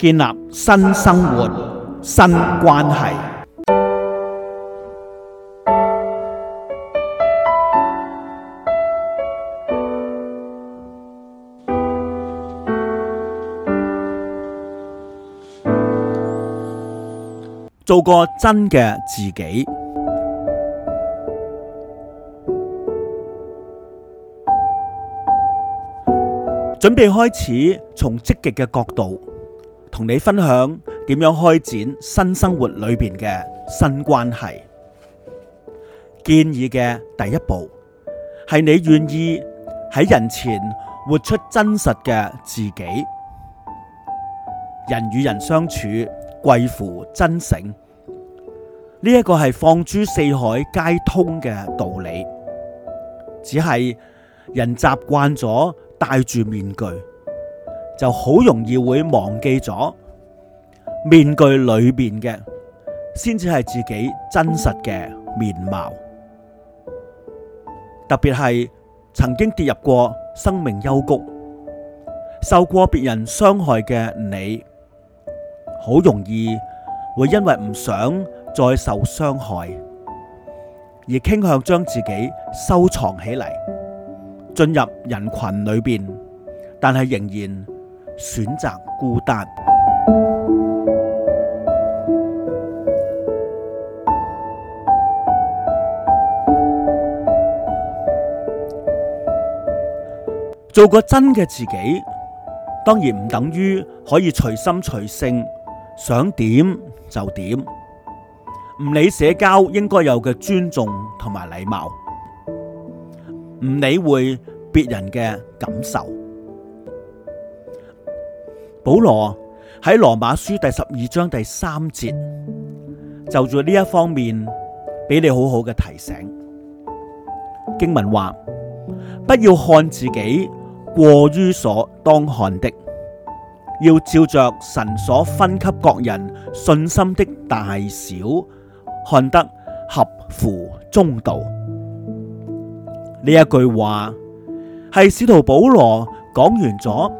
建立新生活、新關係，做個真嘅自己，準備開始從積極嘅角度。同你分享點樣開展新生活裏邊嘅新關係。建議嘅第一步係你願意喺人前活出真實嘅自己。人與人相處貴乎真誠，呢一個係放諸四海皆通嘅道理。只係人習慣咗戴住面具。就好容易會忘記咗面具裏邊嘅，先至係自己真實嘅面貌。特別係曾經跌入過生命幽谷，受過別人傷害嘅你，好容易會因為唔想再受傷害，而傾向將自己收藏起嚟，進入人群裏邊，但係仍然。選擇孤單，做個真嘅自己，當然唔等於可以隨心隨性，想點就點，唔理社交應該有嘅尊重同埋禮貌，唔理會別人嘅感受。保羅喺羅馬書第十二章第三節，就住呢一方面俾你好好嘅提醒。經文話：不要看自己過於所當看的，要照着神所分給各人信心的大小，看得合乎中道。呢一句話係使徒保羅講完咗。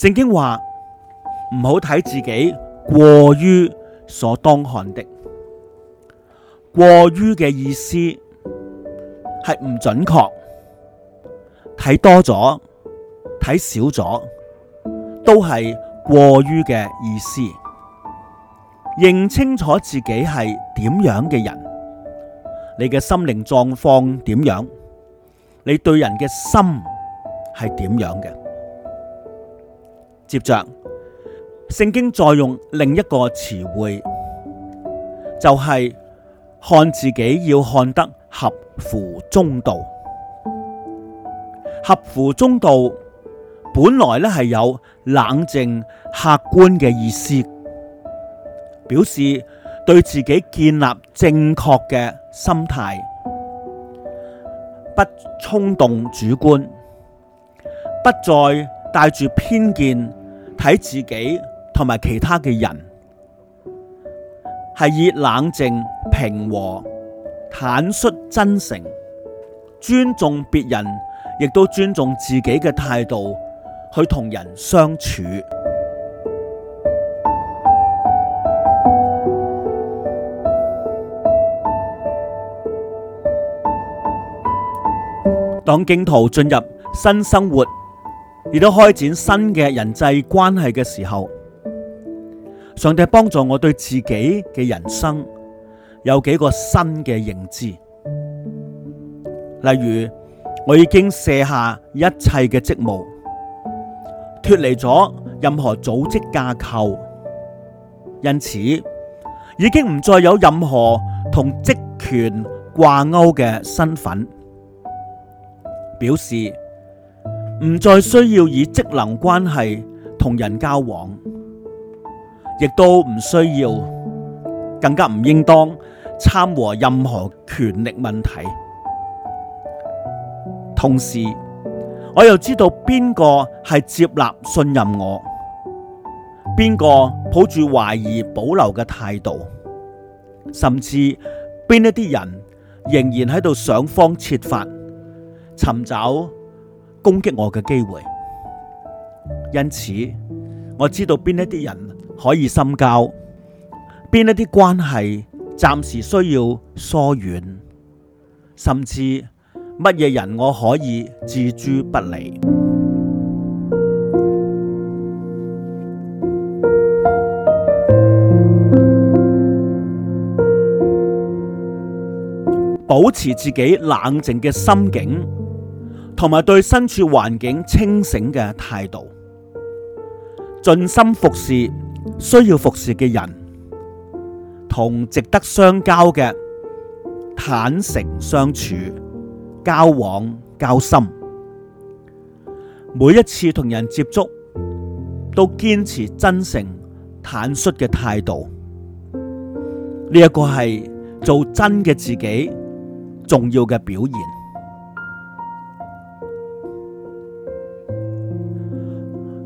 聖經話唔好睇自己過於所當看的，過於嘅意思係唔準確，睇多咗，睇少咗，都係過於嘅意思。認清楚自己係點樣嘅人，你嘅心靈狀況點樣，你對人嘅心係點樣嘅。接着，聖經再用另一個詞彙，就係、是、看自己要看得合乎中道。合乎中道本來咧係有冷靜客觀嘅意思，表示對自己建立正確嘅心態，不衝動、主觀，不再帶住偏見。喺自己同埋其他嘅人，係以冷靜、平和、坦率、真誠、尊重別人，亦都尊重自己嘅態度去同人相處。當荊徒進入新生活。亦都開展新嘅人際關係嘅時候，上帝幫助我對自己嘅人生有幾個新嘅認知，例如我已經卸下一切嘅職務，脫離咗任何組織架構，因此已經唔再有任何同職權掛鈎嘅身份，表示。唔再需要以職能關係同人交往，亦都唔需要，更加唔應當摻和任何權力問題。同時，我又知道邊個係接納信任我，邊個抱住懷疑保留嘅態度，甚至邊一啲人仍然喺度想方設法尋找。攻擊我嘅機會，因此我知道邊一啲人可以深交，邊一啲關係暫時需要疏遠，甚至乜嘢人我可以置諸不理，保持自己冷靜嘅心境。同埋對身處環境清醒嘅態度，盡心服侍需要服侍嘅人，同值得相交嘅坦誠相處，交往交心，每一次同人接觸都堅持真誠坦率嘅態度，呢一個係做真嘅自己重要嘅表現。